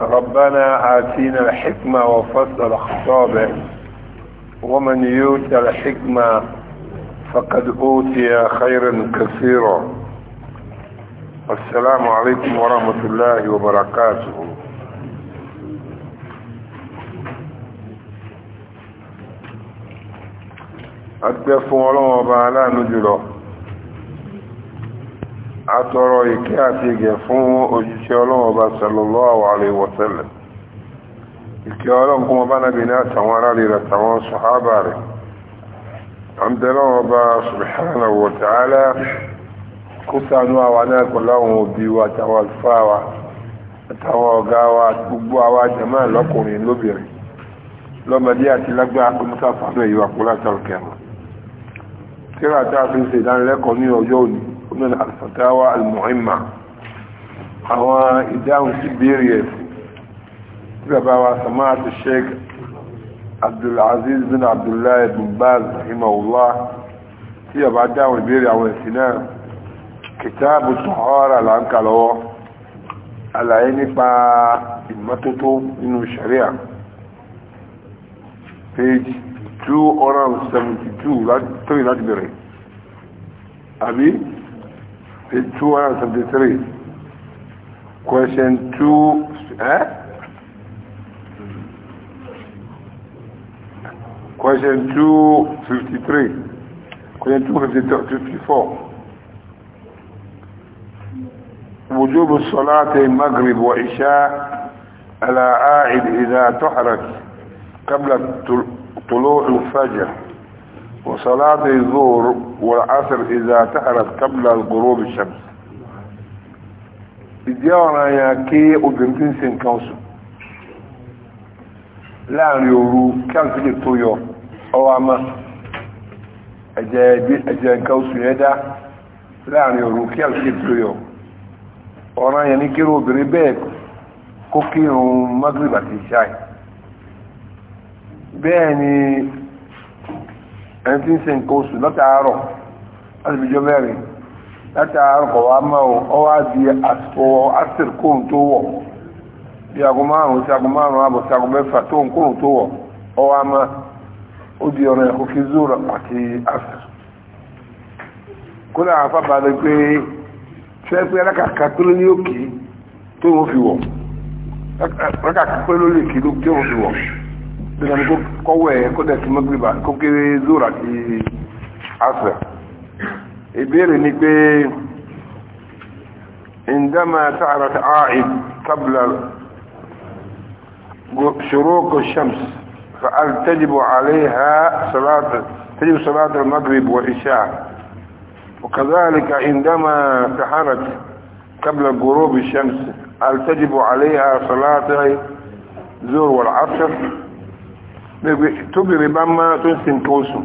ربنا آتينا الحكمة وفصل خطابه ومن يؤتى الحكمة فقد أوتي خيرا كثيرا السلام عليكم ورحمة الله وبركاته أتفعلوا وبعلا نجلوا atọrọ ìkẹ́ àti ìgẹ̀ fún òjíṣẹ́ ọlọ́run ọba sallallahu alaihi wa sallam ìkẹ́ ọlọ́run kúmọ bá nábi ní àtàwọn aráàlú rẹ̀ àtàwọn sọ̀hábà rẹ̀ àmdẹ́lọ́run ọba subhanahu wa ta'ala kó ṣàánú náà kò láwọn òbí wa àtàwọn àlùfáà wa a fi ń ṣe ìdánilẹ́kọ̀ọ́ ní ọjọ́ òní من الفتاوى المهمة هو إدام سبيريس تبع سماعة الشيخ عبد العزيز بن عبد الله بن باز رحمه الله تبع دعوة البيري أو السنان كتاب الطهارة العنكالوه àlàyé nípa ìmọ́tótó nínú sharia page 272 láti bẹ̀rẹ̀ أبي 273 question 2 eh? question 253 question 254 وجوب الصلاة المغرب وعشاء على عائد إذا تحرك قبل طلوع الفجر وصلاة الظهر والعصر إذا تعرف قبل غروب الشمس ìdí ọ̀ràn yẹn kí obìnrin tí ń ṣe nǹkan oṣù láàrin òru kí àǹtílè tó yọ ọwọ́ àmà ẹ̀jẹ̀ nǹkan oṣù yẹn dá láàrin òru kí àǹtílè tó yọ ọ̀ràn yẹn ní kí obìnrin bẹ́ẹ̀ kó kírun magrib àti ìṣáì bẹ́ẹ̀ ni ẹni tí ń ṣe nǹkan oṣù látàárọ̀ láti fi jọ mẹ́rin látàárọ̀ kọ̀ wá mọ́ o ọ wá di àsìkò asìr kóhùn tó wọ̀ bí aago márùn-ún sí aago márùn-ún àbọ̀ sí aago mẹ́fà tóhùn kóhùn tó wọ̀ ọ wá mọ́ ó di ọ̀rọ̀ ẹ̀kọ́ kí zoro àti asìr kódà àfàbà rẹ̀ pé fẹ́ pé alákàkà péré ní òkè tó wọ́n fi wọ̀ alákàkà péré lórí èkè tó wọ́n fi wọ̀. dènà ní kọ́wọ́ ẹ̀ kó dẹ̀kí mọ́gbìbà kó kéré zúrà kí asẹ̀ ìbéèrè ni pé عندما تعرف عائد قبل شروق الشمس فهل تجب عليها صلاة تجب صلاة المغرب والعشاء وكذلك عندما سحرت قبل غروب الشمس هل تجب عليها صلاة الظهر والعصر gbẹ̀gbẹ̀ tóbìnrin bá máa tó ń sin tó sùn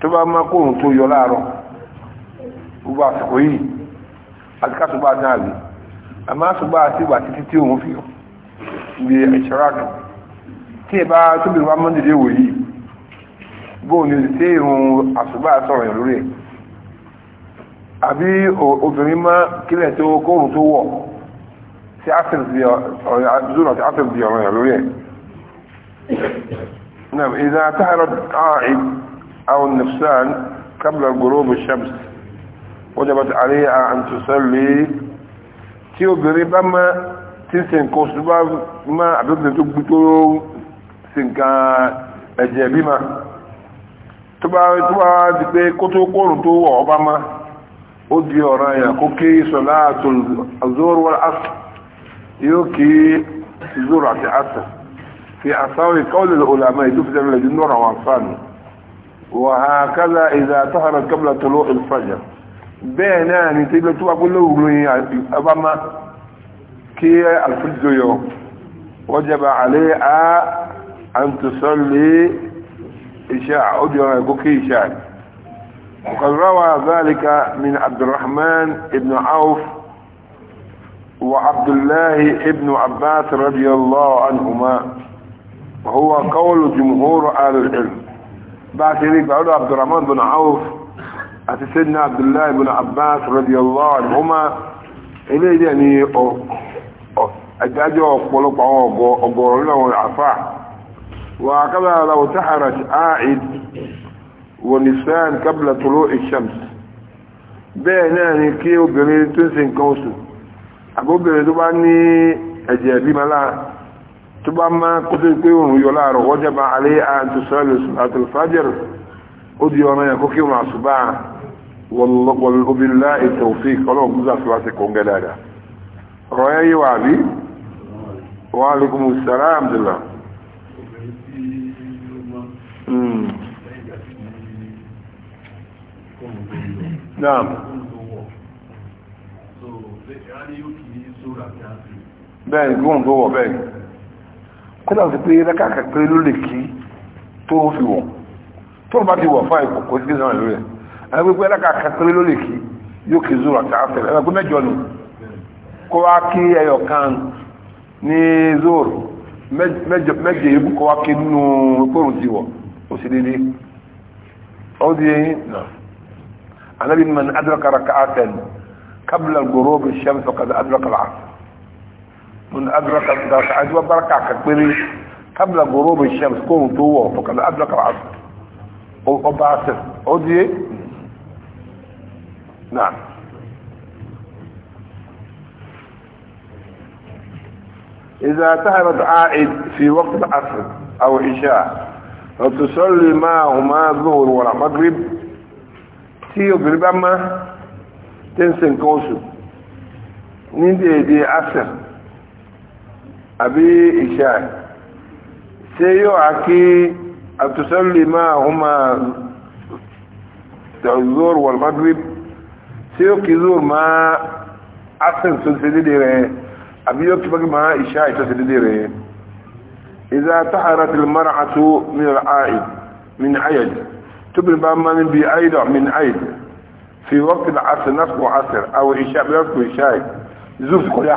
tó bá máa kóhùn tó yọ láàárọ̀ gbogbo àsìkò yìí àti kásùgbà náà rí a máa sùgbà àti ìwà títí tí òun fi ibi ìṣẹ́ráàkì tí ìbá tóbìnrin bá mọ́ nílé wò yìí bóò ní tí ìrùn àsùgbà sọ̀rọ̀ lórí ẹ̀ àbí obìnrin máa kílẹ̀ tó kóhùn tó wọ̀ sí àṣìlì ọ̀rọ̀ lórí ẹ̀ نعم إذا اعتهرت عائد أو النفسان قبل غروب الشمس وجبت عليها أن تصلي tí obìnrin bá máa tí ń ṣe nǹkan oṣù bá máa àbẹ́bìnrin tó gbú tó ṣe nǹkan ẹ̀jẹ̀ bí ma tó bá di pé kó tó kóòrùn tó wọ̀ ọba ma ó di ọ̀ràn ẹ̀yà kó kí sọ̀lá àtòlù azóòrò wọ́n yóò kí zóòrò àti àtàlù في أصاوي قول العلماء تفسر لجنور وعصانه وهكذا إذا تهرت قبل طلوع الفجر بينا نتيجة تقول له أبما كي الفجر يوم وجب عليها أن تصلي إشاعة أدرى يقول إشاعة وقد روى ذلك من عبد الرحمن بن عوف وعبد الله بن عباس رضي الله عنهما هو قول جمهور آل العلم باكري قالوا عبد الرحمن بن عوف أتسدنا عبد الله بن عباس رضي الله عنهما إليه يعني أجاجوا أقبلوا أقبلوا لهم العفاء وكذا لو سحرت عائد ونسان قبل طلوع الشمس بيناني كيو بمين تنسي كوسو أبو بمين تبعني أجابي ملاك tó bá má kó tó pé òun yọ láàrọ̀ wọ́jẹ́ bá alẹ́ àti sọ́ọ̀lù àtàlfàjẹ́rù ó di ọ̀nà yẹn kó kí òun àṣùbà wọlọ́gbọ̀lọ́bìnlá ètò òfin ọlọ́run gúúsù àti wáṣẹ kọ̀ǹgẹ́ dáadáa ọ̀rọ̀ yẹn yìí wà bí wà lókun sàrà àmdùlà náà bẹ́ẹ̀ ni gbóhùn tó wọ̀ bẹ́ẹ̀ kódà sí pé rákàkà pé ló lè kí tó fi wọ̀ tó bá ti wọ̀ fún àìkò kò sí sàn lórí ẹ̀ ẹgbẹ́ pé rákàkà pé ló lè kí yóò kí zoro àti àfẹ́lẹ̀ ẹgbẹ́ mẹ́jọ nù kó wá kí ẹyọ kan ní zoro mẹ́jẹ yìí kó wá kí nínú pòrùn ti wọ̀ ó sì dédé ó di eyín nà anábì man adraka raka'atan qabla al-ghurub ash-shams faqad adraka al-'asr من أدرك الركعة وبركع كبيري قبل غروب الشمس كون طوة فقد أدرك العصر وبعثر عدي نعم إذا تهبت عائد في وقت العصر أو عشاء وتصلي معهما الظهر ولا مغرب تيو بربما تنسن كوسو نين دي دي عصر àbí ìṣà ṣe yóò àkí àtúsọ́lì máa húnmá zuwar wal maghrib ṣe yóò kí zuwar máa asin tó ṣe dédé rẹ̀ àbí yóò kí bagi máa ìṣà tó ṣe dédé rẹ̀ ìzá tàhàrà tilmar àtú min al'aid min hayaj tóbin bá máa níbi aida min aid fi wọ́pìl asir náà kò asir àwọn ìṣà bí wọ́pìl ìṣà zuf kò yá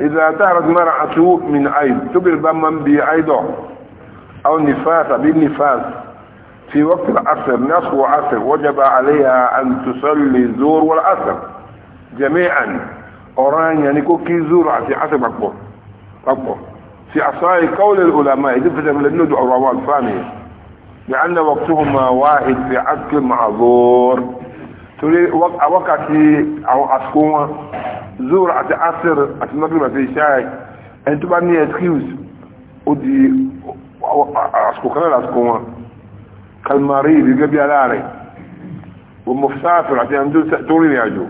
إذا تعرض مرأة من عيد تبر بمن بعيده أو نفاس بالنفاس في وقت العصر نصف وعصر وجب عليها أن تصلي الزور والعصر جميعا أوران يعني كوكي زور في عصر أكبر أكبر في عصاي قول العلماء دفت من الندع الرواه الثانية لأن وقتهما واحد في عصر مع زور torí wákàtí àwọn àsìkò wọn zoro àti asir àti magrib àti ishaq ẹni tó bá ní excuse ó di àsìkò kan náà àsìkò wọn kalmari gẹ́gẹ́ bí aláàrẹ̀ wọ́n mọ̀ sáfẹ̀rẹ̀ àti ẹni tó rìnrìn àjò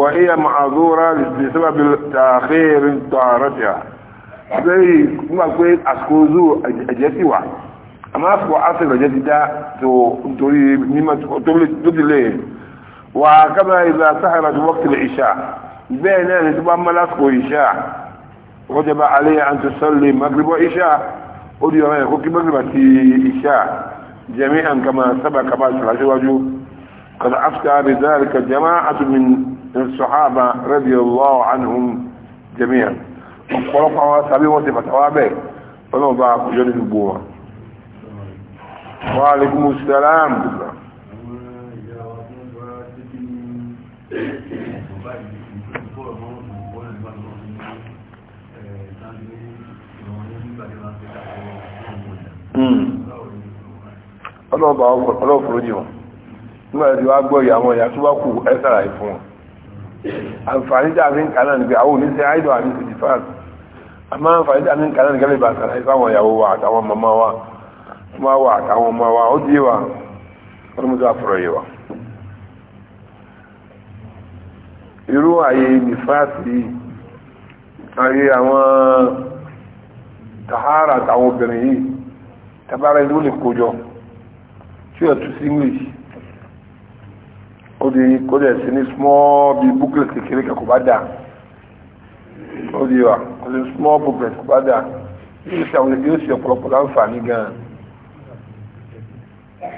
وهي معذورة بسبب تأخير طهارتها زي ما قلت أسكوزو أجتي واحد àmọ́ àsìkò àsìkò ìrọ̀jẹ́ ti dá tó nítorí mímọ́ tó ti lè wà kábà ìlà sáhàrà tó wọ́pù tilẹ̀ ìṣà bẹ́ẹ̀ náà ni tó bá mọ́ lásìkò ìṣà wọ́n jẹba alẹ́ àti sọ́lẹ̀ magribọ́ ìṣà ó di ọ̀rọ̀ ẹ̀kọ́ kí magribà ti ìṣà jẹ́mi àǹkàmà sábà kaba ṣàlàṣíwájú قد أفتى بذلك جماعة من الصحابة رضي الله عنهم جميعا وقلقوا سبيوة فتوابه فنوضع جنة البومة وعليكم السلام ọlọ́ọ̀bà hmm. ọlọ́ọ̀fúrójì wọn nígbàtí wá gbọ́ ìyàwó ìyà tó bá kù ẹ́sàrà ìfún wọn nígbà àwọn oníṣẹ́ àìdọ̀ àti nígbà ìfáwọn ìyàwó àtàwọn máa wà àtàwọn ọmọ wa ó dí wa ọlọ́mọdé àfọ̀rọ̀ yìí wa irú àyè nífàásì àyè àwọn tàhárà àtàwọn obìnrin yìí tàbára ìlú lè kójọ tí ó tún sí english ó di kó dẹ̀ sí ní small bí booklet kékeré kẹ́kọ̀ọ́ bá dà ó di wa kó sí small booklet kó bá dà yóò ṣe ọ̀pọ̀lọpọ̀ láǹfààní gan-an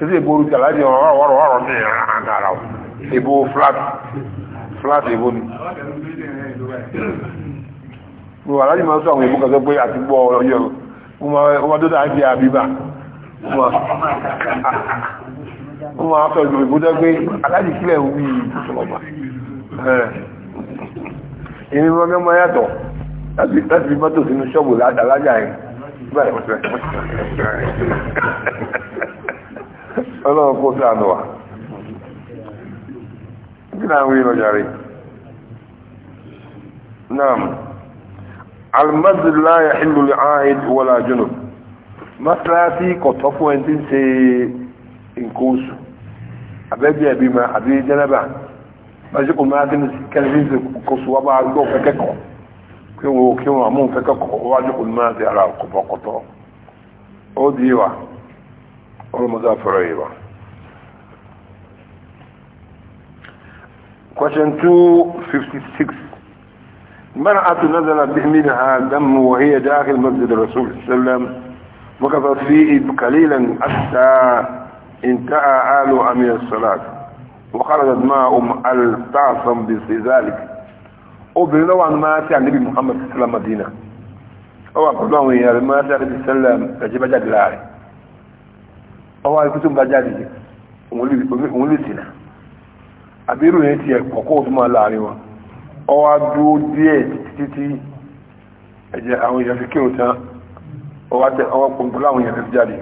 kìí èbó orúkẹ aláàjì ọ̀rọ̀ ní ara èbó flat èbó ni wọ́n aláàjì máa ń sọ àwọn èbó kan sọ pé àti gbọ́ ọyọ́ wọ́n tó dáa jẹ́ àbíbà wọ́n máa sọ ìlú èbó tó pé aláàjì kílẹ̀ wí ìṣọ̀lọ́gbà èmi mọ́ mẹ́mọ́ yàtọ̀ láti fi mọ́tò sínú ṣọ́ọ̀bù aláàjà yẹn ọlọ́run kó kí náà wí lọ́jà náà almasjid la yahillu li aid wala kọ̀tọ́ fún ẹni tí ń ṣe nǹkan oṣù abẹ́bí ẹ̀bí ma àbí jẹ́nẹ́bà máa tí kẹ́lẹ́bí ṣe kò sọ wá bá gbọ́ kí àmú máa والمضاف إليه بقى question 256 مرأة نزلت بحملها دم وهي داخل مسجد الرسول صلى الله عليه وسلم وقفت فيه قليلا حتى انتهى آل أمير الصلاة وخرجت ماء التعصم بذلك وبن الله عن ما أتى عن محمد صلى الله عليه وسلم مدينة هو قلت له يا رمات صلى الله عليه وسلم تجيب جد لاري ọwọ́ ikú tó ń bá jáde òun lè sìnà àbírò yẹn ti ẹ̀kọ́kọ́ tó máa láàrin wọn ọwọ́ dúó díẹ̀ títí ẹ̀jẹ̀ àwọn èèyàn fi kírun tán ọwọ́ pọ̀npọ̀ láwọn èèyàn fi jáde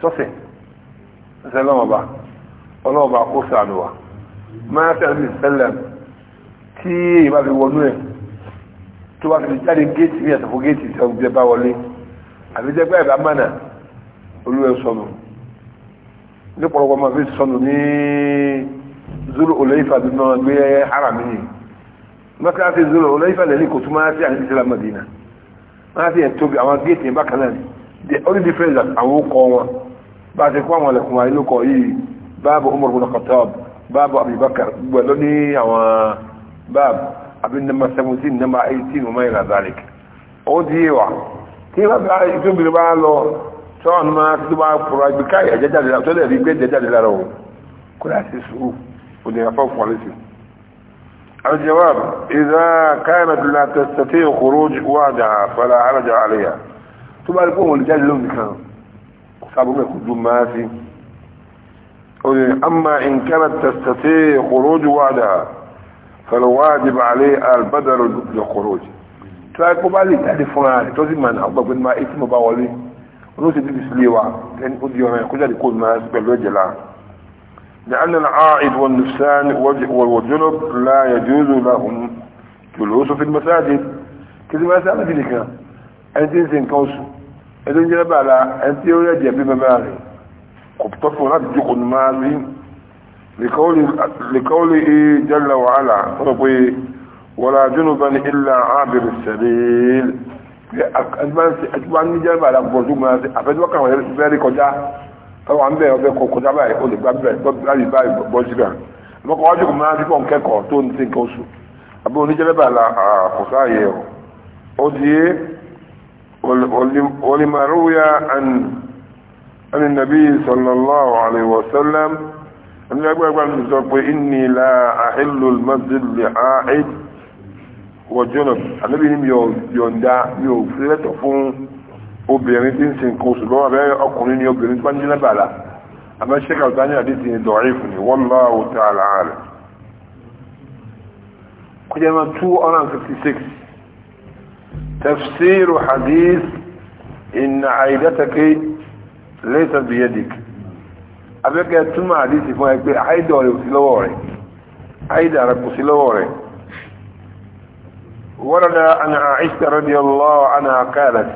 sọ́sẹ̀ ẹsẹ̀ lọ́wọ́ba ọlọ́wọ́ba kó sàánù wa máa tẹ̀lé sẹ́lẹ̀ tí èyí bá fi wọnú ẹ̀ tó bá fi jáde géètì ní ẹ̀sàfọ́ géètì ìṣẹ́ ògbẹ́ bá wọlé àbíjẹ́gbẹ́ ìbámánà olú ẹ̀ sọnù nípọ̀lọpọ̀ ma fi sọnù ní zulu olóyìnfà bí ma gbé harami ni mọ́tí láti zulu olóyìnfà lẹ́yìn kò tún máa fi àyíkí sílá madina máa fi ẹ̀ tóbi àwọn géètì yẹn bákan the only difference that àwọn ó kọ́ wọn bá a ti kó àwọn ẹlẹ́kùn ayé ló kọ́ yìí báàbù umar bin khattab báàbù abubakar gbogbo ló ní àwọn báàbù àbí sọ́wọ́n ní máa tó bá fọ̀rọ̀ àgbẹ̀ káyà jẹ́jáde lára tó lẹ́ẹ̀rí gbé jẹ́jáde lára o kó dà sí sùúrù kò ní afọ́ fún ọlẹ́sìn. الجواب إذا كانت لا تستطيع خروج وعدها فلا حرج عليها tó bá rí pé òun lè jáde lónìí kan sábúgbẹ̀ kò dùn máa sí oye amma in kana tastati khuruj wada fal wajib alay al badal li khuruj tó bá rí pé bá lè jáde fún ara tó sì لأن العائد والنفسان والجنب لا يجوز لهم جلوس في المساجد كذا ما سأل ذلك أنت إنسان كوس أنت إنسان بألا أنت يولد يبي بمالي قبطفوا هذا جقن مالي لقوله, جل وعلا ربي إيه؟ ولا جنبا إلا عابر السبيل àtúbà ní jẹ́ ìbàdàn gbọ̀dún mọ́ àfẹ́túbà kàwọn ẹ̀rẹ́ fẹ́ rí kọjá táwọn àmì bẹ́ẹ̀ ọbẹ̀ kọ kọjá báyìí ó lè gbá bíi báyìí bọ́ sí kan lọ́kọ̀ wájú kò máa ń fífọ̀ kẹ́kọ̀ọ́ tó ń ti nǹkan oṣù àbí oníjẹ́ ìbàdàn kò sáàyè ọ̀ ó di é ولمروية عن عن النبي صلى الله عليه وسلم أن يقول إني لا أحل المسجد لعائد wọ̀jọ́nà ànábì ni mi ò yọ̀ǹda mi ò fi lẹ́tọ̀ fún obìnrin tí ń sin nǹkan oṣù lọ́wọ́ abẹ́rẹ́ ọkùnrin ni obìnrin tí wọ́n ní lábàlá àmọ́ ṣẹ́kà ọ̀tání àdé ti dọ̀rí fún ni wallahu ta'ala ààrẹ kújẹ́ mọ́ 256 tafsiru hadith inna aidatake laysa biyadik abẹ́kẹ́ túmọ̀ hadith fún ẹgbẹ́ àìdọ̀ rẹ̀ kò sí lọ́wọ́ rẹ̀ ورد عن عائشة رضي الله عنها قالت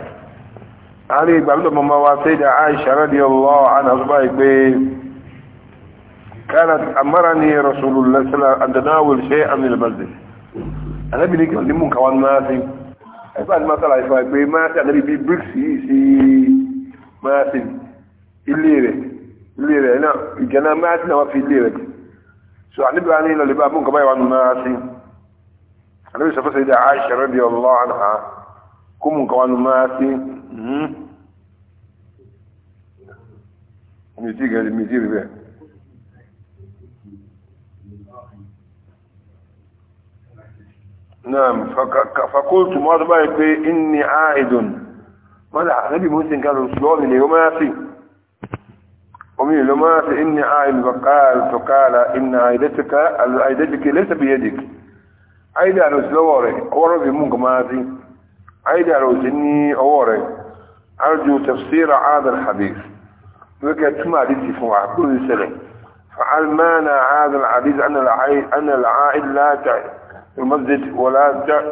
علي بن ماما وسيدة عائشة رضي الله عنها أصبحت كانت أمرني رسول الله صلى الله عليه وسلم أن تناول شيئا من المسجد أنا بني كان لمن كوان ماسي أفعل ما طلع يفعل بي ماسي أنا بي بريكسي سي ماسي الليرة الليرة هنا الجنة ماسي نوافي الليرة سو أنا بني للي بابون ماسي النبي صلى الله عليه وسلم عائشة رضي الله عنها كم قالوا ماتي ميتيك هذه ميتيك بيه نعم فقلت ما بي إني عائد ماذا نبي مسلم قال رسول لي وماتي ومن لما إني عائد فقال فقال إن عائدتك عائدتك ليس بيدك àìdà ló sí lọ́wọ́ rẹ̀ ọwọ́rọ̀ bí mú kàmá sí àìdà ló sí ní ọwọ́ rẹ̀ arjú tafsira adal hadith wíkẹ́ túnmà àdìsí fún wa kúrò ní sẹlẹ̀ فعلمانا هذا الحديث أن العائد, أن العائد لا المسجد ولا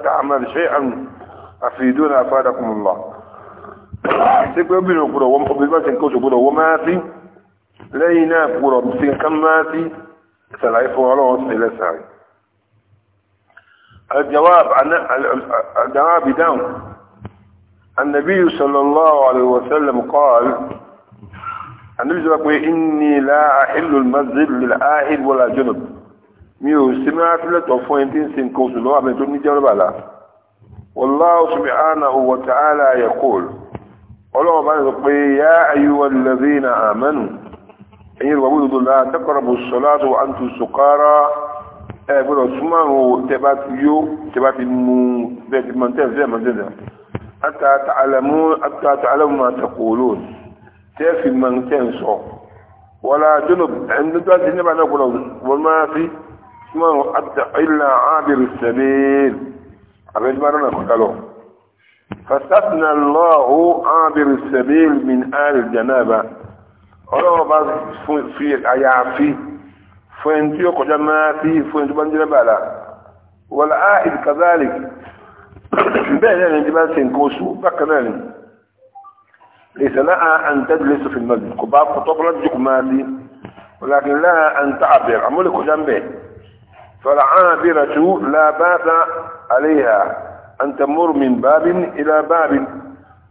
تعمل شيئا أفيدونا أفادكم الله سيكون يبنوا قروا ومقبلات كوتوا قروا وما في لينا قروا بسين كم ما في سلعي فوالله وصلي لسعي الجواب عن الجواب دام النبي صلى الله عليه وسلم قال النبي صلى الله عليه وسلم إني لا أحل المسجد للآهل ولا جنب ميو سمع في التوفين تنسين كوسو لو أبن تبني جنب على والله سبحانه وتعالى يقول قالوا بعد يا أيها الذين آمنوا أن يرغبوا لا تقربوا الصلاة وأنتم سقارى ẹ gbọ́dọ̀ súnmọ́ àwọn owó tẹ́bá ti yó tẹ́bá ti mú bẹ́ẹ̀ ti mọ̀tẹ́ fẹ́ mọ̀tẹ́dà àtàtàlẹ́mú àtàtàlẹ́mú àtàkòólò tẹ́ fi mọ̀tẹ́ ń sọ wọ́lá jọ́nà ẹ̀ńdọ́dọ́ ti níbà náà gbọ́dọ̀ wọ́n máa fi súnmọ́ àwọn àtàkìlà ábìrì sẹ́bẹ̀ẹ́lì àbẹ́jọ́ náà kọ́kà lọ فاستثنى الله عابر السبيل من آل الجنابة الله bá fi àyàfi fún tí ó kọjá máa fi fún tó bá ń jẹ́ bàlá wọ́n á ìdíkàzáàlì bẹ́ẹ̀ náà ní bá ṣe nǹkan oṣù bákan náà ni lè sànà àǹtẹ́dìlẹ̀ sọ̀fìn náà kò bá tọ́kọ́ láti jùkú máa di ولكن لا أن تعبر عملك جنبه فالعابرة لا باس عليها أن تمر من باب إلى باب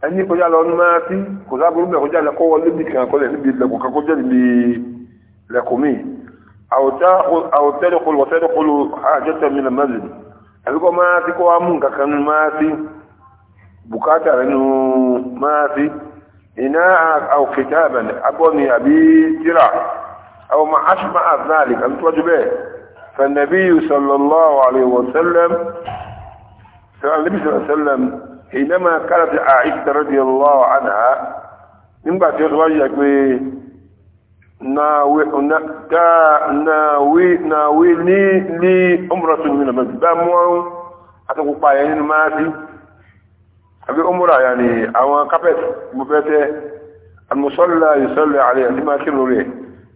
أن يكون لهم ما في كذاب ربما يكون لقوة لبك كذاب لبك كذاب لقومي أو تدخل وتدخل حاجة من المسجد أقول ما في قوام كان ما في بكاتا أنه ما في إناء أو كتابا أقولني أبي ترى أو ما أشبع ذلك أن توجبه فالنبي صلى الله عليه وسلم فالنبي صلى الله عليه وسلم حينما كانت عائشة رضي الله عنها من بعد يقول náàwé ní ní ọmọrọ̀ tó nínú mẹ́bí bá mú ọrún àtàkùpa ẹ̀ nínú máa bí àbí ọmọrọ̀ àyà ni àwọn carpet mo fẹ́ tẹ́ almusalla yusalli alayhi àti máa kírò rẹ̀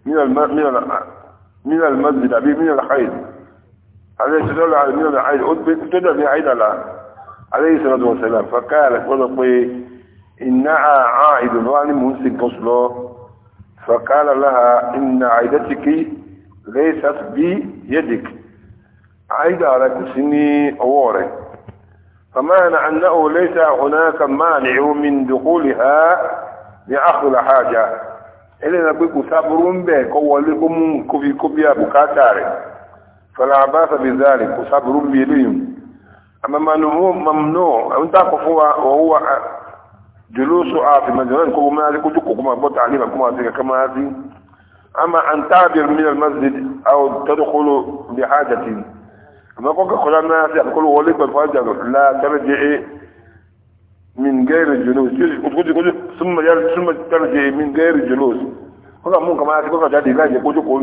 nínú almasjid àbí nínú alhaid عليه الصلاة والسلام عيد ابتدى بعيد على عليه الصلاة والسلام فقال قلت إنها عائد ظالم منسك فقال لها إن عيدتك ليست بيدك عيد على كسني أوري فمعنى أنه ليس هناك مانع من دخولها لأخذ حاجة إلا نبيك سابرون به قولكم كفي كفي أبو كاتاري فلا باس بذلك سابرون بيليم أما ممنوع أنت قفوا وهو جلوس آفي مجنون كو ما لك جوكو كما بو تعليم كما ذيك كما ذي أما أن تعبر من المسجد أو تدخل بحاجة أما كوكا قلنا يقول وليك بالفاجة لا ترجع من غير الجلوس ثم ثم ترجع من غير الجلوس كوكا ممكن ما كوكا جادي لا يقول كوكو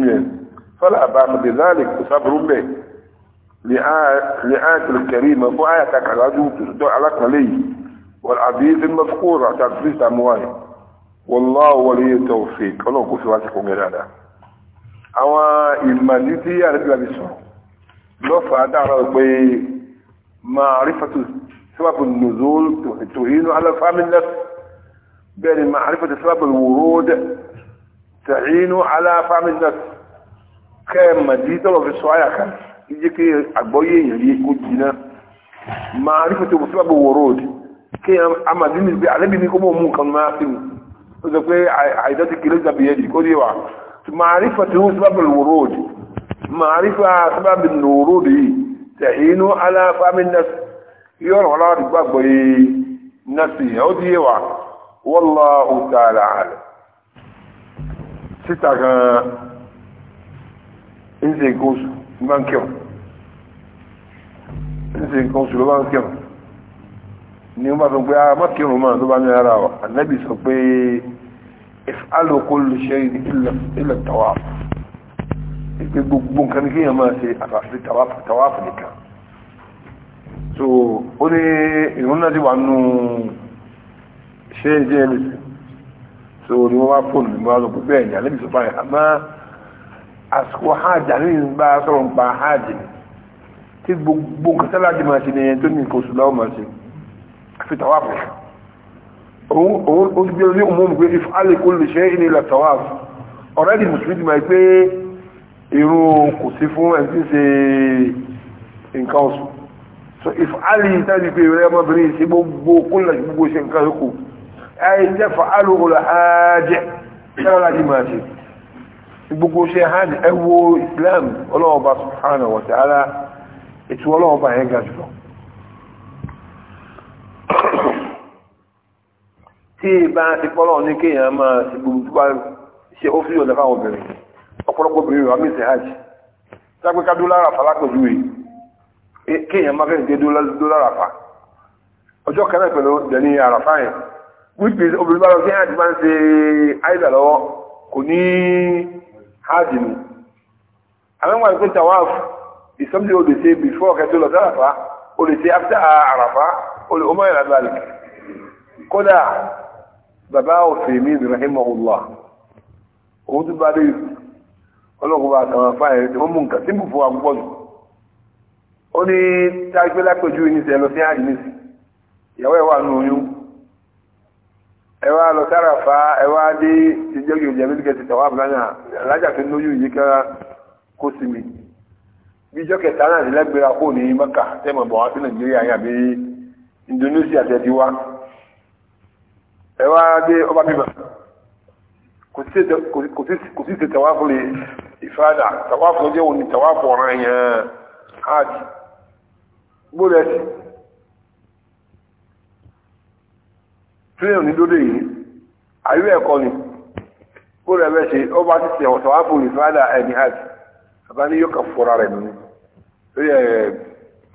فلا بأس بذلك صبر به لآية الكريمة فآية تكعلاجو تدعى لك ليه والعبيد المذكور تعبيد أموال والله ولي التوفيق الله كفي واسكم يرادا أما إما نتي يا رب لبسه لو فأدعنا بي معرفة سبب النزول تعين على فهم النفس بين معرفة سبب الورود تعين على فهم النفس كما دي تلو في السوايا كان يجي كي أبوي يجي معرفة سبب الورود kí amadi ní pé alẹ́bí ní kó mọ̀ mú nǹkan máa fi wù ó sọ pé àìsàn ti kéré jàbí ẹ̀dì kó dé wà màrífà tí ó sábà lòróòdì màrífà sábà bí lòróòdì yìí tẹ̀hínú aláfàmì nẹ́sì yóò ni wọ́n bá sọ pé ara ah, mọ́kìrún máa tó bá ní ara ọ̀ ànábì sọ pé if'alu kullu shay'in illa tawaf ìpé gbogbo nǹkan ní kéèyàn máa ṣe àfàfi tawaf nìkan so ó ní ìrún náà ti wà nù ṣe jẹ́ ẹni so ni wọ́n wá fóònù ní wọ́n sọ pé bẹ́ẹ̀ ni ànábì sọ fún àyàn àmọ́ àsìkò hajj àní ìgbà sọ̀rọ̀ nípa hajj ni gbogbo nǹkan sálàjì máa ṣe ni ẹni tó ní nǹkan láwọn máa ṣe في توافع òun bí òun pé if alikul shay'in ila tawaf already musulmi ma pé irun kò sí fún ẹni ṣe nǹkan oṣù so if ali tàbí pé rẹ ọmọbìnrin sí gbogbo kúnlẹ̀ gbogbo ṣe nǹkan yóò ẹ̀yí jẹ́ fa'alu ọlọ ajẹ́ ṣẹ́rọ láti máa ṣe gbogbo ṣe hàn ẹwọ islam ọlọ́ọ̀bá subhanahu tí ìbá ti pọ́lọ̀ ní kéèyàn máa ti gbogbo bá ṣe ó fi ọ̀dọ̀ fáwọn obìnrin ọ̀pọ̀lọpọ̀ obìnrin rẹ̀ àmìsẹ̀ hajj sápé ká dólára fà lápẹ̀jú rẹ̀ kéèyàn máa fẹ́ẹ̀ dé dólára fà ọjọ́ kan náà pẹ̀lú dẹ̀ni àràfà yẹn wípé obìnrin bá lọ sí hajj máa ń ṣe àìdà lọ́wọ́ kò ní hajj nù àwọn ìwà ìpín tawaf ìsọ́mdé o lè ṣe before kẹtó lọ sárafa o lè ṣe after àràfà o lè ọmọ ìrànlọ́lẹ̀ kódà bàbá òfèmí rahimahullah òun tó bá dé ọlọ́gbọ́n àtàwọn afáyẹ̀ tí wọ́n mú nǹkan tí mú fún agbọ́ jù ó ní tágbé lápẹjú ìníṣẹ́ lọ sí àjíníṣì ìyàwó ẹ̀wà nù oyún ẹwà lọ sára fa ẹwà dé ìjẹ́gbẹ̀ ìjẹ́gbẹ̀ ìjẹ́gbẹ̀ ti tàwà àbúlányà alájà tó lóyún yìí kára kó sí mi bíjọ́ kẹta náà lẹ́gbẹ̀rẹ̀ kó ní mẹ́kà tẹ́mọ̀ bọ̀ wá sí nàìjíríà yàbí Indonesia tẹ́ ti wá ẹ wá ọba bíbá kò sí ṣe tàwáfù lè ìfádà tàwáfù ló jẹ́ òun ni tàwáfù ọ̀ràn yẹn áàdì gbọ́dọ̀ ẹ̀sìn tírénù yìí ayé ẹ̀kọ́ ni gbọ́dọ̀ ẹ̀bẹ̀ ṣe ọba ti ṣe tàwáfù lè ìfádà ẹni áàdì bàbá ní yóò kà fúra rẹ̀ nínú eh,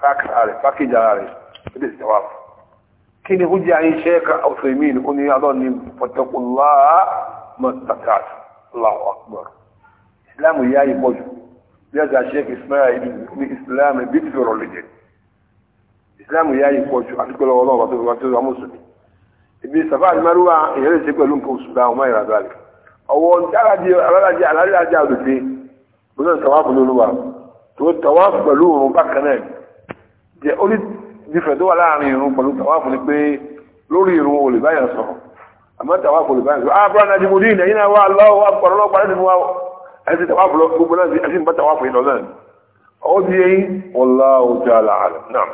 rẹ̀ ó lè كني هجي عن شيخ أو سيمين كني أظن فاتقوا الله ما استطعت الله أكبر إسلام ياي موجو لذا شيخ إسماعيل إسلام بيتفر لجن إسلام ياي موجو أتقول الله وطول وطول ومسلم ibi safa alimaruwa ìyẹn lè ṣe pẹ̀lú nǹkan oṣù dáhùn máa ìrànlọ́wọ́ rẹ̀ ọwọ́ alájẹ alájẹ alájẹ àdòdè bó náà tàwáfù lóluwà tó tàwáfù pẹ̀lú òun bákan náà jẹ́ orí dífẹ̀ tó wà láàrin ìrún pẹ̀lú tàwáfù ni pé lórí ìrún olè báyà sọ̀rọ̀ àmọ́ tàwáfù olè báyà sọ̀rọ̀ àbúrò ah, náà jìmù dín ìnáyìn náà wà lọ́wọ́ àpọ̀rọ̀ lọ́pàá láti wá ẹsẹ̀ tàwáfù gbogbo náà sí ẹsìn bá tàwáfù yìí lọ náà ó di eyín wallahu ta'ala alam náà.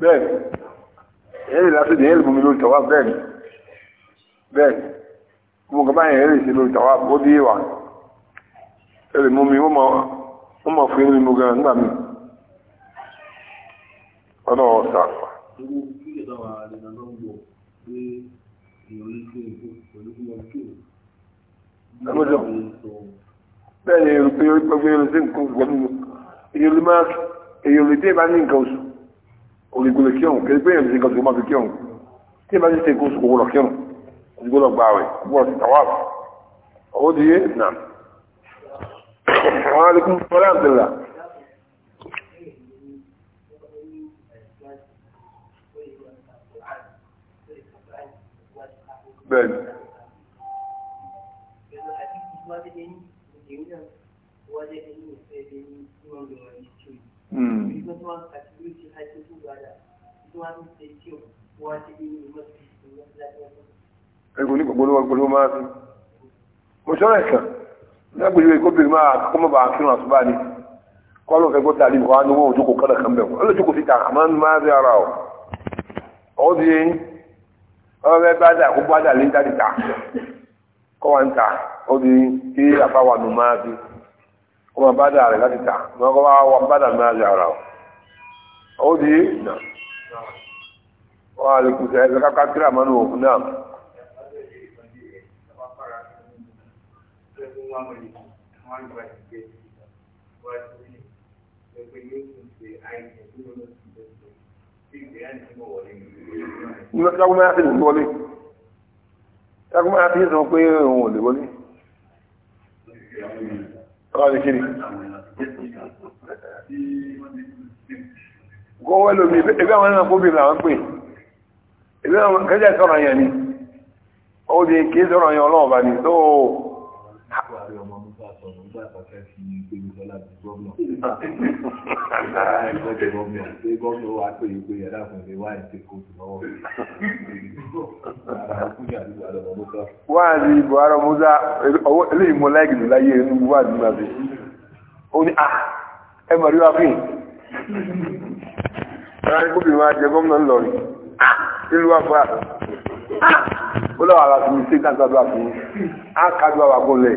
bẹ́ẹ̀ni èyí lásìkò èyí lùmí lórí tàwáfù bẹ́ẹ̀ni bẹ́ẹ̀ni gbogbo báyìí èyí lè lórí tàwáfù ó di ìwà èyí mú mi wọ́n mọ̀ fún mi mú gan nígbà míì ọ̀nà ọ̀sà. bẹ́ẹ̀ni gbogbo èrò sí nǹkan pẹ̀lú èyí ló máa èyí ló dé bá ní nǹkan oṣù olùgbòlò kí ọ̀hún kẹ́lẹ́ pé èyí ló sí nǹkan oṣù máa fi kí ọ̀hún tí ìbá ti ṣe nǹkan oṣù kò gbọdọ̀ kí ọ̀hún kò gbà rẹ̀ kò sí tàwa ọ̀hún di bẹ́ẹ̀ ni. ẹgbẹ́ onígbogbo olówó máa ń mo sọ́rọ̀ ẹ̀kan lágbèjì èkó bèèrè máa kọ́ mọ́ bá a kírun àtúbà ni kọ́ ló fẹ́ gbọ́ tàbí wàá ní owó òjókòó kọ́nà kan bẹ̀rù ọlọ́jókòó fi ta máa ń rí ara ọ̀ ọ́ di eyín ọmọ bẹ bá dà kó bá dà lé jáde ta kọ́ wa ń ta ó di kí afa wà nù máa fi kó máa bá dà rẹ̀ láti ta mọ́ kó wá bá dà máa fi ara ó di nà wọ́n á lè kù sẹ́ ẹ̀ káká kíra mọ́nú òkú náà. Thank you lágùnmọ́ yá sí ìlú wọlé lágùnmọ́ pé òun ò lè wọlé ọ̀rọ̀ kiri gọ́wọ́ lómi ẹgbẹ́ àwọn ẹ̀nà kóbìnrin àwọn pè ẹgbẹ́ àwọn kẹjẹ́ sọ̀rọ̀ yẹn ni ó di kí sọ̀rọ̀ yẹn ọlọ́ọ̀bá ni tó àti gómìnà ẹgbẹ́ ti gómìnà pé gómìnà wa pé yìí pé Buhari Musa eléyìí mo láì gidi láyé inú wá àti ó ní ah ẹ mọ̀ rí wá fún yìí ẹ̀rọ gómìnà wa jẹ gómìnà ńlọrin ah ìlú wa fún wa ah, ó lọ́wọ́ àlàfin sí ìdájọ́ àlàfin á ah, kájú àwọn àgọ́lẹ̀.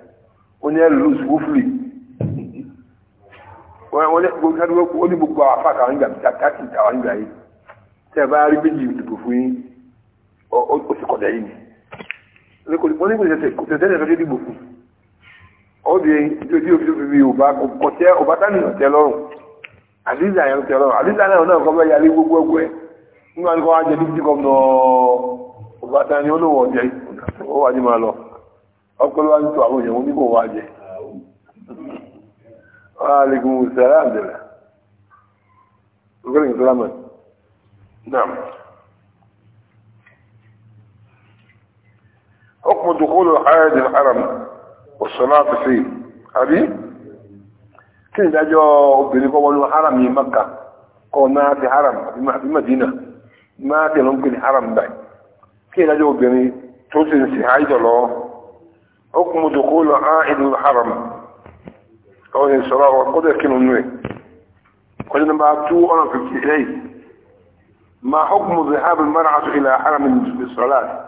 wọ́n ní ẹ lù wúfìlì wọ́n ní gbogbo ní gbogbo àwọn afáàkà àwọn ìgbà tàkì àwọn ìgbà yìí tẹ́ ẹ bá rí méjì ìdìbò fún yín ó ti kọjá yìí ni wọ́n ní gbèsè kò tẹ̀sẹ̀ tẹ̀sẹ̀ tó dìbò fún ó di tí o tí o fi òbá kò tẹ òbá tánì tẹ lọ́rùn àdìsá yẹn tẹ lọ́rùn àdìsá náà náà kọ́ bá yàrá gbogbo ẹgbẹ́ nígbà tí wọ́n á jẹ dúpítì gọ́ọ̀nà òbá tánì ó lò wọ́n jẹ ó wà ní máa lọ. ọpọlọ ń tó àwọn èèyàn oníkò wá jẹ alaikum sara àdìrà ọgbẹ́rẹ̀ ìsìlámà náà حكم دخول الحاج الحرم والصلاة فيه àbí kí ìdájọ́ obìnrin kọ́ haram yìí maka kọ́ náà ti haram àbí madina náà ti haram báyìí kí ìdájọ́ obìnrin tó sì ń حكم دخول عائد الحرم قول الصلاة وقد يكن النوي قل في 258 ما حكم ذهاب المرأة إلى حرم بالصلاة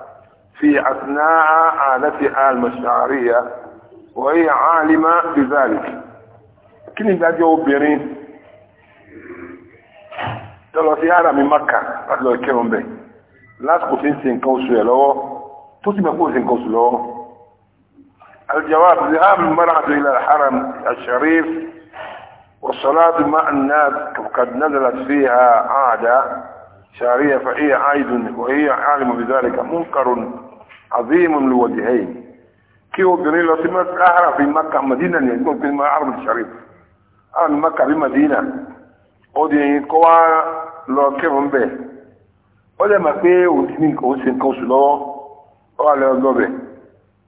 في أثناء عادتها المشاعرية وهي عالمة بذلك كن يدعو بيرين tọ́lọ sí ara mi maka láti lọ kẹrùn-ún bẹ̀ lásìkò tí ń ṣe nǹkan oṣù الجواب ذهاب المرأة إلى الحرم الشريف والصلاة مع الناس قد نزلت فيها عادة شهرية فهي عيد وهي عالم بذلك منكر عظيم لوجهين كي لو سمعت أهرى في مكة مدينة يكون في المعرض الشريف أهرى مكة في مدينة ودي قوى لو كيفهم به ودي ما فيه ودي كوسين كوسلو وعلى الله به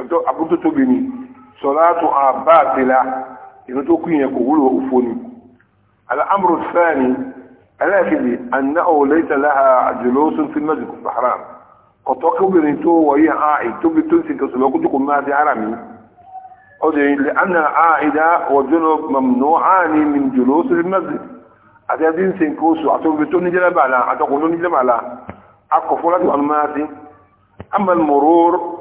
àbúrútó tóbi ni sọ̀látù àbáàtìlá ìlú tó kú yẹn kò wúlò òfò ni al'amuru fẹ́ni ẹlẹ́kìdì annáwó lẹ́tàlá àjòlósùn fi mẹ́jì kò sàárà ọ̀tọ́ kóbìnrin tó wọ̀nyí a ìtóbi tó sì kẹsùn lọ́kú tó kò máa fi ara mi ó dẹ̀ ilẹ̀ anna àìdá wọ̀jọ́nà mamnu àní min jòlósùn fi mẹ́jì àti ẹbí ń sin kó sùn àtọ́bi tó ní jẹ́lẹ́bàlá àtọkùn tó ní jẹ́lẹ́bàlá akọ̀fọ́ láti wọn máa fi amal mọ̀rọ̀rọ̀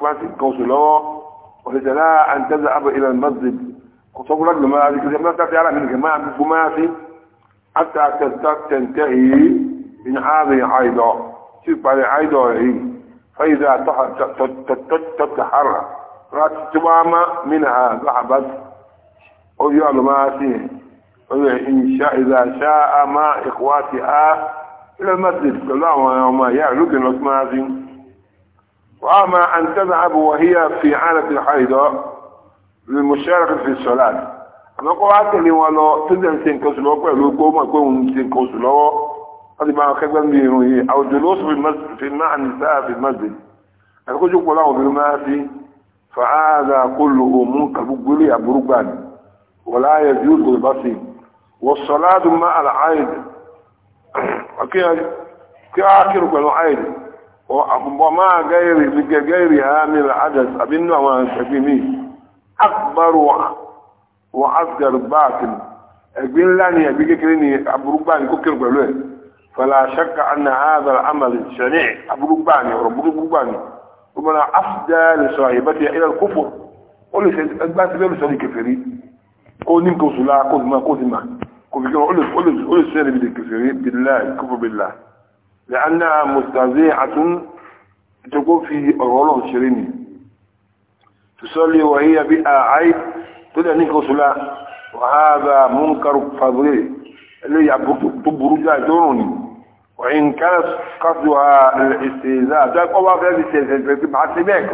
فرانسي كونسلو وهذا لا أن تذهب إلى المسجد قصب رجل ما هذه كذلك ما تأتي على من جماعة الجماعي حتى تنتهي من هذه العيدة شوف على العيدة هي فإذا تتحرى رأت تمام منها ذهبت أو يعلم ما أسيه إن شاء إذا شاء ما إخواتها إلى المسجد كلها وما يعلق نصمازين وأما أن تذهب وهي في حالة الحيضة للمشاركة في الصلاة أما قوات لي والله تدن تنكس لو قالوا قوم قوم تنكس لو هذه ما كذا بيروي أو جلوس في المسجد في مع النساء في المسجد أقول لك ولو بالما في فهذا كله منكر بقولي أبرقان ولا يجوز البصير والصلاة مع العيد أكيد كاكر بالعيد وما غير غيرها من العدد أبنى وانسكيني أكبر وأصغر باطل أبن لاني أبن كريني أبروباني كوكير بلوه فلا شك أن هذا العمل شنيع أبروباني وربروباني ومن أفدى لصاحبتي إلى الكفر قل لي أبات بيلو سني كفري قل نمكو سلاح قل ما قل ما قل لي قل لي سني بالكفري بالله كفر بالله لأنها مستضيعة تكون في أغلق شريني تصلي وهي بها عيب تدعني غسلا وهذا منكر فضلي اللي يبرجع دوني وإن كانت قصدها الاستهزاء ده قوة في هذه الاستهزاء بعتبك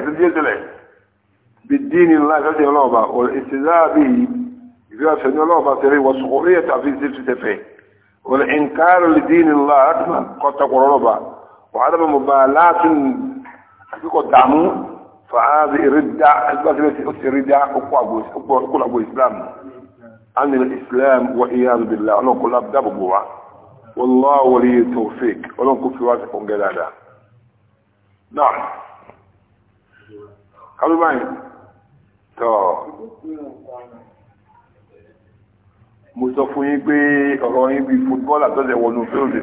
بالدين الله جل وعلا والاستهزاء به إذا سنلوبة تري وسخرية في سلسلة فيه والإنكار لدين الله أكبر قد تقول ربا وعدم مبالاة في دعمو فهذه ردة أثبت ردة أقول أبو إسلام عن الإسلام وإياذ بالله أنا أقول أبدا بقوة والله ولي التوفيق ولا نقول في واسكم قلالا نعم قالوا معي تو mo sọ fún yín pé ọ̀rọ̀ yín bí fútbọ́ọ̀lù àtọ́jẹ̀ wọnú fíòdì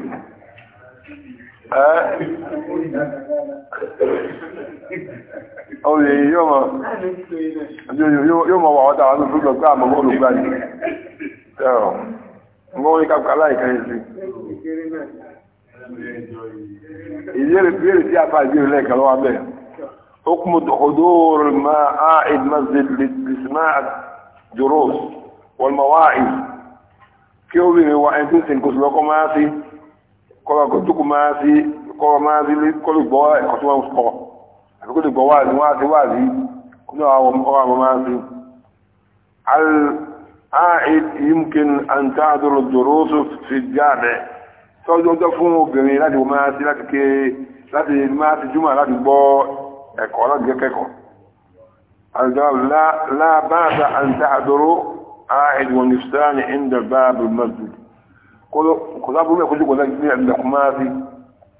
ọ̀rẹ́ yóò mọ̀ wà ọ́ta wà ní fútbọ̀ pé àmọ́ bọ́ọ̀lù gbá ní ẹ̀rọ wọ́n ní kápùkà láìkẹ́ sí ìyẹ́rẹ̀ pẹ́rẹ̀ tí a fà ìbí ilẹ̀ kan bẹ́ẹ̀ ó kún حضور ما عائد مسجد لسماع الدروس والمواعظ kí ó bèèrè wa ẹni tí ń sin kò sí lọ́kọ́ máa sí kọ́lọ̀ kò jókòó máa sí kọ́lọ̀ máa sí kọ́lọ̀ gbọ́ ẹ̀kọ́ tí wọ́n ń kọ́ àbí kó lè gbọ́ wà ní wọ́n á ti wà sí kó náà wọ́n máa sí. al-aid yimkin an ta'duru fi al tọ́jú ọjọ́ fún obìnrin láti wọ́n máa sí láti ké láti máa ti júmọ̀ láti gbọ́ ẹ̀kọ́ láti قاعد والنفسان عند باب المسجد قلوا قلوا قلوا قلوا قلوا قلوا عندك ما في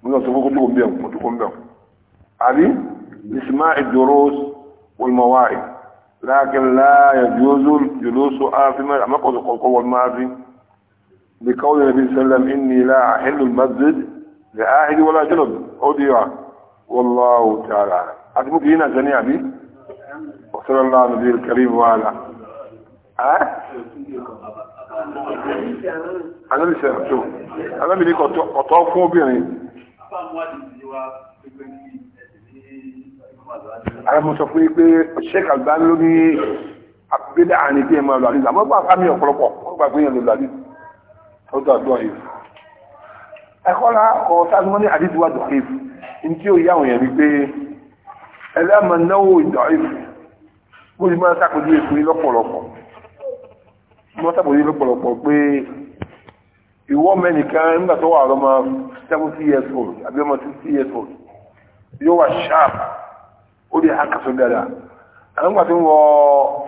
قلوا قلوا قلوا بيهم قلوا بيهم علي لسماع الدروس والمواعظ لكن لا يجوز الجلوس آثما ما قلت قلوا الماضي بقول النبي صلى الله عليه وسلم إني لا أحل المسجد لآهل ولا جنب أوديع والله تعالى أعلم أتمت هنا جميعا بي وصلى الله على النبي الكريم وعلى alábi sẹ́yìn tó alábi ní kọ̀tọ́ fún obìnrin. alábi sọ fún yí pé sheik alba ló ní abẹ́lẹ̀ àárín bí ẹ máa lọ àdìsí àmọ́ bá fámi ọ̀pọ̀lọpọ̀ wọ́n gbàgbé yẹn lọ lọ àdìsí ó dà dùn àyè. ẹ̀kọ́ la ọ̀ sáàtúmọ́ ní àdìsí wà dùn àyè ní tí ó yá àwọn èèyàn ni pé ẹlẹ́mọ̀ náwó ìdọ̀ àyè fún mo sì máa sàkójú èkó lọ́pọ̀lọpọ̀ wọ́n sábòye lọ́pọ̀lọpọ̀ pé ìwọ mẹ́nìkan nígbà tó wà lọ́mọ seventy years old àbí ọmọ sixty years old yóò wà sharp ó lè hàn kàṣọ dáadáa àwọn ìgbà tó ń wọ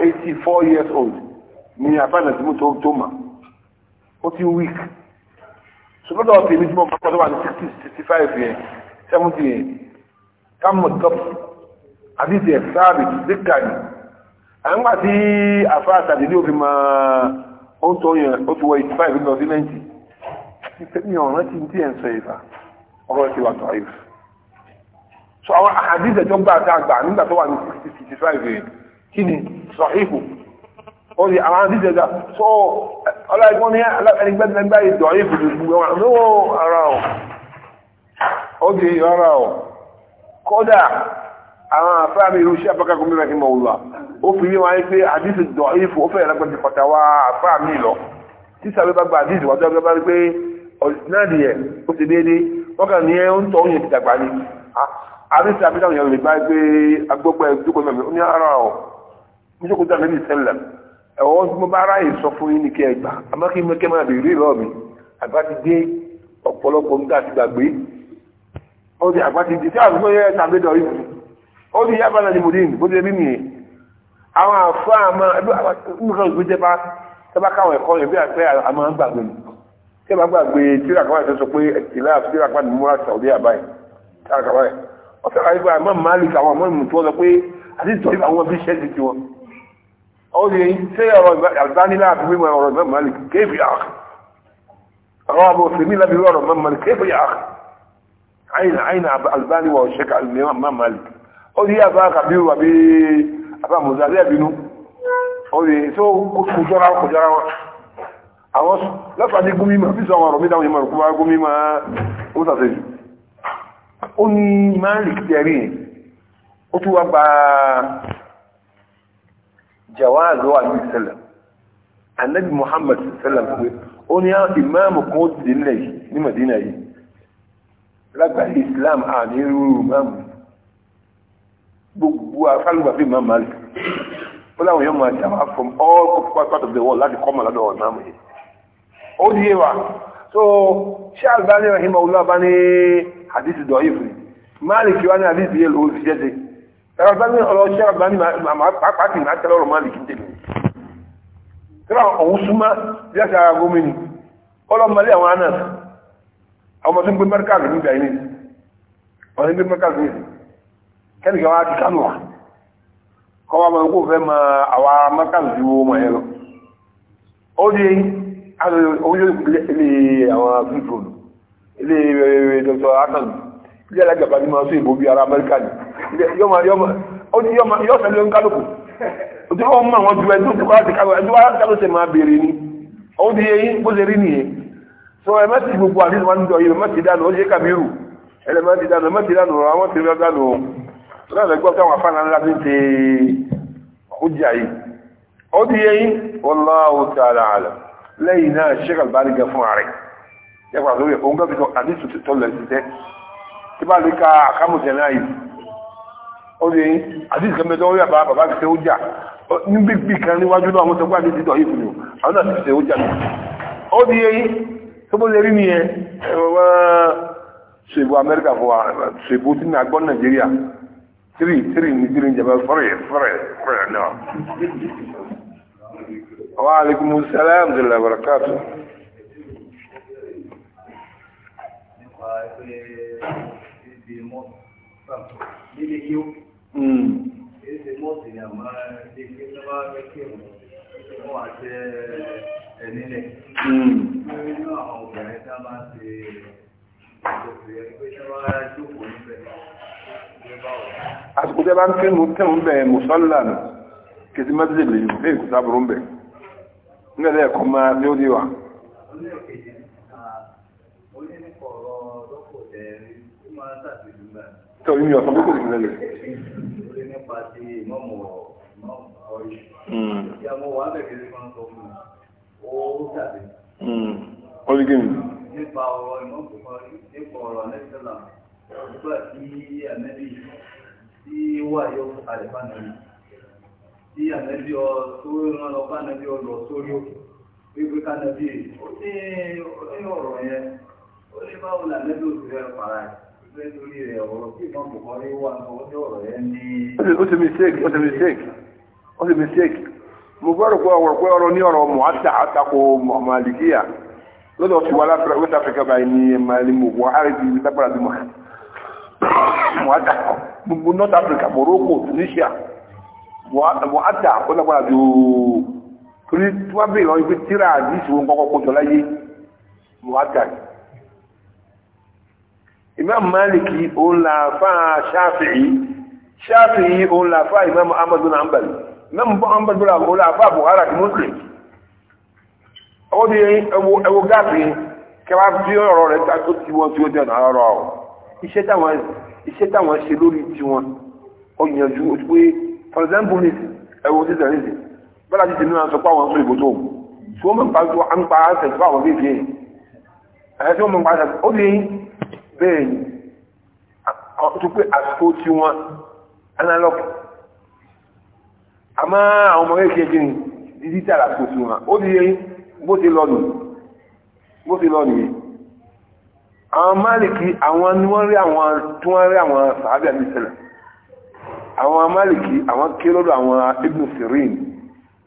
eighty four years old ní àbáyọ̀ tí mo tó tó mà ó ti weak ṣùgbọ́n tó tèmi tí mo bá pàtó ní sixty sixty five yẹn seventy yẹn ká mọ̀ tọ́pù àbí ìdí ẹ̀ sáàbì dìgbà yìí. àǹgbà tí àfa àtàdédé òfin máa ó tó yẹn ó fi wọ eighty five lọ sí ninety mi ò rántí tí ẹ̀ ń sọ ìfà ọ̀rọ̀ ti wà so àwọn àhàdíjẹ tó gbà tá a nígbà tó wà ní sixty kí ni sọ̀híhù ó ní àwọn àhàdíjẹ gbà so ọlọ́ọ̀gbọ́n ní ìdọ̀ ìfò gbogbo àwọn afẹ́mi irú sí abẹ́kẹ́kọ̀ọ́ mẹ́rin ní mọ̀wùlá ó fi yé wáyé pé àdìsí dọ̀ ìfò ó fẹ́yẹ̀ lẹ́gbẹ̀ẹ́ pàtà wá afẹ́mi lọ tí sàbẹ́ bá gba àdìsí wájú abẹ́bá rí pé ọ̀dínàdì yẹ ó ti déédéé wọ́n kàn ní ẹ ń tọ́ oúnjẹ ti dàgbà ni àdìsí abẹ́kẹ́kọ̀ọ́ yẹn lè bá pé agbọ́gbọ́ ẹ̀dúkọ̀ mẹ́rin ó ní ara ọ̀ níjókòtà mẹ́rin sẹ́lẹ̀ ẹ̀wọ́ tí mo bá ráyè sọ fún yín ní kí ẹ gbà àmọ́ kí mẹ́kẹ́ máa bèèrè lọ́ọ̀ mi àgbà ti dé ọ̀pọ̀lọpọ̀ nígbà tí gbàgbé ó ti àgbà ti dé tí àwọn ọmọ yẹn tàbí dọ̀ yìí ó ní yá bàdà ní mùdín bó ti ẹbí nìyẹn àwọn àfáà máa ẹbí nǹkan ìgbé jẹba tẹ́bá káwọn ẹ̀kọ́ ẹ̀bí àpẹ́ àmọ́ gbàgbé ni tẹ́bá gbàgbé tíra kan àti sọ pé ìlà tíra kan múra sàwọ́dí àbáyé tíra kan báyìí wọ́n sọ̀rọ̀ àyíkọ́ àmọ́ màálì káwọn àmọ́ ìmùtú ọ̀sọ̀ pé àti ìtọ́jú àwọn bí ṣẹ́ ti tiwọn ó ní ṣé ọ̀rọ̀ àlùbánilá àti mímọ ọ̀rọ̀ màálì kéèfì àkà ọ̀rọ̀ ó ní àbá kàbí àbí àbá mọ̀sá sí ẹ̀bínú ó ní tó kò jọra kò jọra wọn àwọn lọ́pàá ní gúnmí máa fíṣọ àwọn ọ̀rọ̀ mi dáwọn ìmọ̀rùn kúmá gúnmí máa ó sàṣẹ́ jù ó ní máa ń rì kìtẹ̀rí ó tún wá gba jawaazu wa alayhi sallam annabi muhammad sallam pé ó ní ìmáàmù kan ó ti dé nílẹ̀ yìí ní madina yìí lágbàá islam àmì irú ìmáàmù gbogbo afálùgbà fi máa máa lè wọ́n láwọn yóò máa jàmá from all parts of the world láti kọ́ màlá lọ́wọ́ náà mọ̀ye ó di yéwà so ṣé àlùbáni rahim ọlọ́ bá ní hadith dọ̀yìf ni máàlìkì wá ní hadith yẹ lóò fi jẹ́ ṣe àlùbáni ọlọ́ ṣé àlùbáni pàápàá kì í máa tẹ́lọ́rọ̀ máàlìkì tèmi tẹ́lá ọ̀hún súnmọ́ bí a ṣe ara gómìnì ọlọ́mọlé àwọn anas àwọn ọmọ tó ń gbé mẹ́ríkà lè ní ìgbà ọ̀hún gbé mẹ́ríkà lè kẹ́nìkan wá ti kánù wá kọ́ wá mọ̀ kó fẹ́ mọ àwa mọ́kàlù sí owó mọ̀ ẹ lọ ó di oúnjẹ ilé àwọn fífò ilé eh, Dr. Hassan ilé alágbàbà ní máa sún ìbò bí ara Amẹ́ríkà ní yọ́ sẹ́lẹ̀ ń kálùkù òtí wọ́n mọ̀ wọ́n ju ẹni tó kọ́ láti kálù ẹni tó wá kálù sẹ máa bèèrè ní ó di eyín bó ṣe rí nìyẹn so ẹ mẹ́sì gbogbo àdínwá ń jọ yìí mẹ́sì dànù ó ṣe kàmírù ẹlẹ́mẹ́sì dànù mẹ́sì dànù àwọn tìrìbẹ́ dànù lọ́lẹ́gbọ́ táwọn afáàlá ńlá ti ṣe ọjà yìí ó di yẹyìn wallahu ta'ala alam lẹ́yìn náà Sheikh Albani gẹ fún ààrẹ yẹ́pà lórí ẹ̀ òun gẹ́gẹ́ àdísù tó lẹ̀ sí tẹ́ tí bá lè ka àkámùtẹ̀ náà yìí ó di yẹyìn àdísù kẹ́mẹ́ tó yà bàbá ti ṣe ọjà ní bíbí kan níwájú náà wọ́n three three ní three jẹba three three three náà. wa aleykum salaam wa rahmatulahi wa barakatu. Mm. Hmm. àsìkò tẹ́ bá ń kí mú bẹ̀ mùsọ́lá nù kìtì mẹ́tìlẹ̀ lè yìí fẹ́ ìkùtà burú bẹ̀ nígbàdé ẹ̀kọ́ máa ní ó dé wa. tó yìí ọ̀sán tó kò sí lẹ́lẹ̀. Hmm. ó rí gẹ́gẹ́ nípa ọ̀rọ̀ ìmọ̀ nípa ọ̀rọ̀ lẹ́sẹ̀lá nígbà tí àmẹ́bí tí wà yóò fún kalẹ̀ fánàbí tí àmẹ́bí ọ tó rán lọ fánàbí ọ lọ sórí òkè wípé kánàbí ó ní ọ̀rọ̀ yẹn ó ní báwo para ẹ̀ nítorí rẹ̀ ọ̀rọ̀ tí ìmọ̀ kò kọ́rí wà ní ọ̀rọ̀ ya ní. ó mistake ó mistake mistake west africa wọ́n á dà gbogbo north africa morocco tunisia wọ́n á dà ó lágbára ju torí tí wọ́n bèèrè wọn pé tíra àdìsí wọn kọ́kọ́ kó jọ láyé wọ́n á dà ní. imam maliki òun là fáà ṣáfìí ṣáfìí òun là fáà imam ahmadu nambali imam ahmadu nambali òun là fáà buhari àti muslim ọwọ́ bí ẹwọ gáàsì kẹwàá tí ọ̀rọ̀ rẹ̀ tó ti wọ́n tí ó jẹ́ ọ̀rọ̀ ọ̀rọ̀ iṣẹ́ táwọn iṣẹ́ táwọn ṣe lórí tiwọn ọ̀yànjú ojú pé for example ní ẹ̀wọ̀n títẹ̀ ní bọ́lá ti tẹ̀lé náà sọ pé àwọn ọmọ ìbòtò tí wọ́n mọ̀ nípa tó à ń pa àṣẹ tó àwọn bíbí yìí ẹ̀yẹ tí wọ́n mọ̀ nípa àṣẹ ó lè bẹ́ẹ̀ ni tó pé àsìkò tiwọn analog àmọ́ àwọn ọmọ kékeré ní títà àsìkò tiwọn ó lè bó ti lọ nù bó ti lọ nìyẹn àwọn máàlìkì àwọn ni wọ́n rí àwọn tí wọ́n rí àwọn sàábẹ̀ ní sẹ́lẹ̀ àwọn máàlìkì àwọn kí lọ́dọ̀ àwọn ibn sirin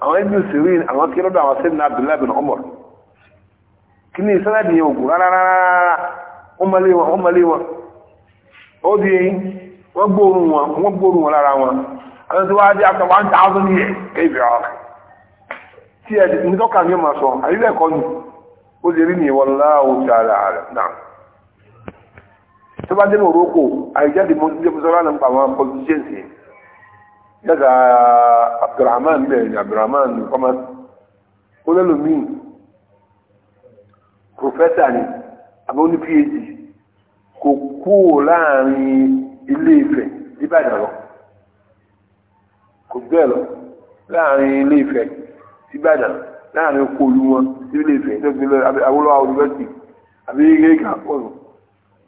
àwọn ibn sirin àwọn kí lọ́dọ̀ àwọn sẹ́lẹ̀ abdullahi bin umar kí ni sẹ́lẹ̀ ni ogun rárá ọmọlé wọn wọn ó wọ́n gbóòrùn wọn wọ́n gbóòrùn wọn lára wọn àwọn tó wáá dé after one thousand years kébì ọ̀rọ̀ tí ẹ̀ nítọ́ka ní ọmọ sọ àyílẹ̀ ni ó lè rí bá dé Morocco àìjáde mọ́sọ́lá náà ń pa àwọn politicians yẹn yàtà Abdulrahman bẹ́ẹ̀ Abdulrahman kọ́má ó lẹ́nu míì professor ni àbí ó ní PhD kò kúrò láàrin ilé Ifẹ̀ Ìbàdàn lọ kò bẹ́ẹ̀ lọ láàrin ilé Ifẹ̀ Ìbàdàn láàrin okòólú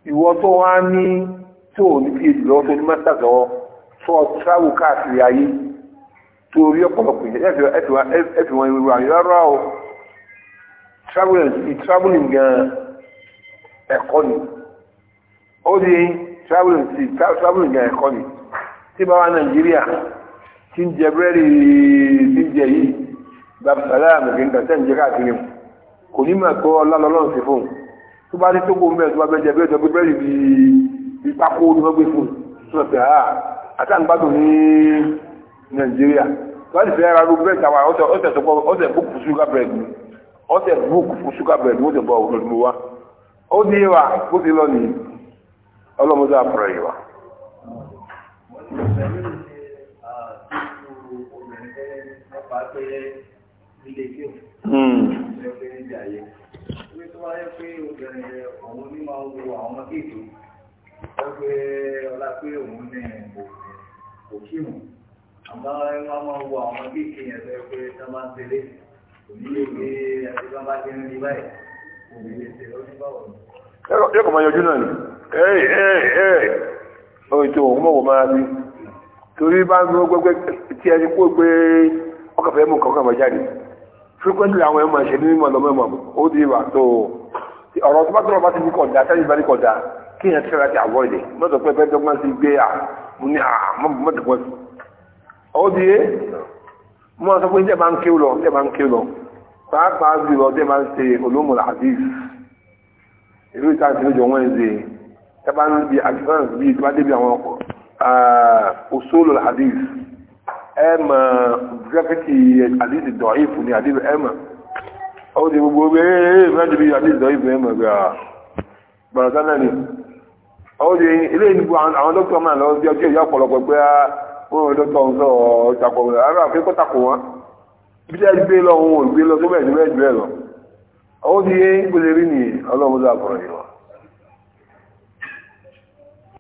ìwọ tó wá ní tí ò ní fi lọ tó ní mọ́tà lọ́wọ́ tó ọ tíráwù káàkiri ayé tó rí ọ̀pọ̀lọpọ̀ ẹ̀fì wọn ìwé àyè rárá o traveling gan ẹ̀kọ́ ni ó di traveling gan ẹ̀kọ́ ni tí bá wà Nàìjíríà tí ń jẹ búrẹ́dì tí ń jẹ yìí bàbá sàlẹ̀ àmì kìí kàtẹ́ ń jẹ káàkiri kò ní mà kó ọlá lọ́lọ́run sí fóun tó bá ní tókò mẹ́rin tó bá bẹ́jẹ̀ bẹ́ẹ̀ tọ́gbé bẹ́ẹ̀ rí bí pákó ní wọ́n gbé fún sọ pé àá àtàǹgbádùn ní nàìjíríà wọ́n ti fẹ́ ra ló bẹ́ẹ̀ tàwa ọ̀sẹ̀ tó kọ́ ọ̀sẹ̀ book for sugar bread ni ọ̀sẹ̀ book for sugar bread pé obìnrin yẹn òun ní máa wo àwọn ọmọ kéèké wọ́n ọlá pé òun ní kò àmọ́ wọ́n máa wo àwọn ọmọ kéèké yẹn fẹ́ pé tá máa ń tẹ̀lé òní lè gbé àti bá bá jẹ́ ní báyìí òbí lè tẹ̀lé ó báwọ̀ ni. yóò kọ́ máa yọjú náà ni ẹ ẹ ẹ ọ̀tọ̀ òun mọ̀ máa bí torí bá ń gbẹ́gbẹ́ tí ẹni kó gbé ọkọ̀ fẹ́ mú kọ́kọ́ máa jáde frequently àwọn ẹ̀ máa ní mímọ̀ lọ́mọ́ ẹ̀ ó di ìwà tó o ọ̀rọ̀ tó bá tọrọ bá ti ní kọjá tẹ́lẹ̀ bá ní kọjá kí yẹn tẹ́lẹ̀ láti avoid it mọ́tò pé pé dọ́gbọ́n ti gbé à mo ní à ah, mọ́tò pọ̀ sí. ó di é mo sọ pé ní ẹ̀ma ń ké lọ ní ẹ̀ma ń ké lọ pàápàá bí lọ ní ẹ̀ma ń ṣe olómù làbíf ìlú ìta ti lójó wọn ṣe ẹ̀ma ń bi advance bíi tí wọ́n débi àwọn òṣòlò làbíf ẹ̀ma gírẹ́fìtì àdìsí dọ̀ ó ti gbogbo ẹgbẹ́ eh, mẹ́jọ bí àti ìzọ ìfẹ́ mẹ́gbẹ́ bàrọ̀tá náà ni ó ti ilé ìdìbò àwọn dókítà máa lọ sí ọjọ́ ìyá ọ̀pọ̀lọpọ̀ pé ah, wọ́n rẹ̀ ń sọ̀rọ̀ ìtakọ̀ rẹ̀ ara àfẹ́ kó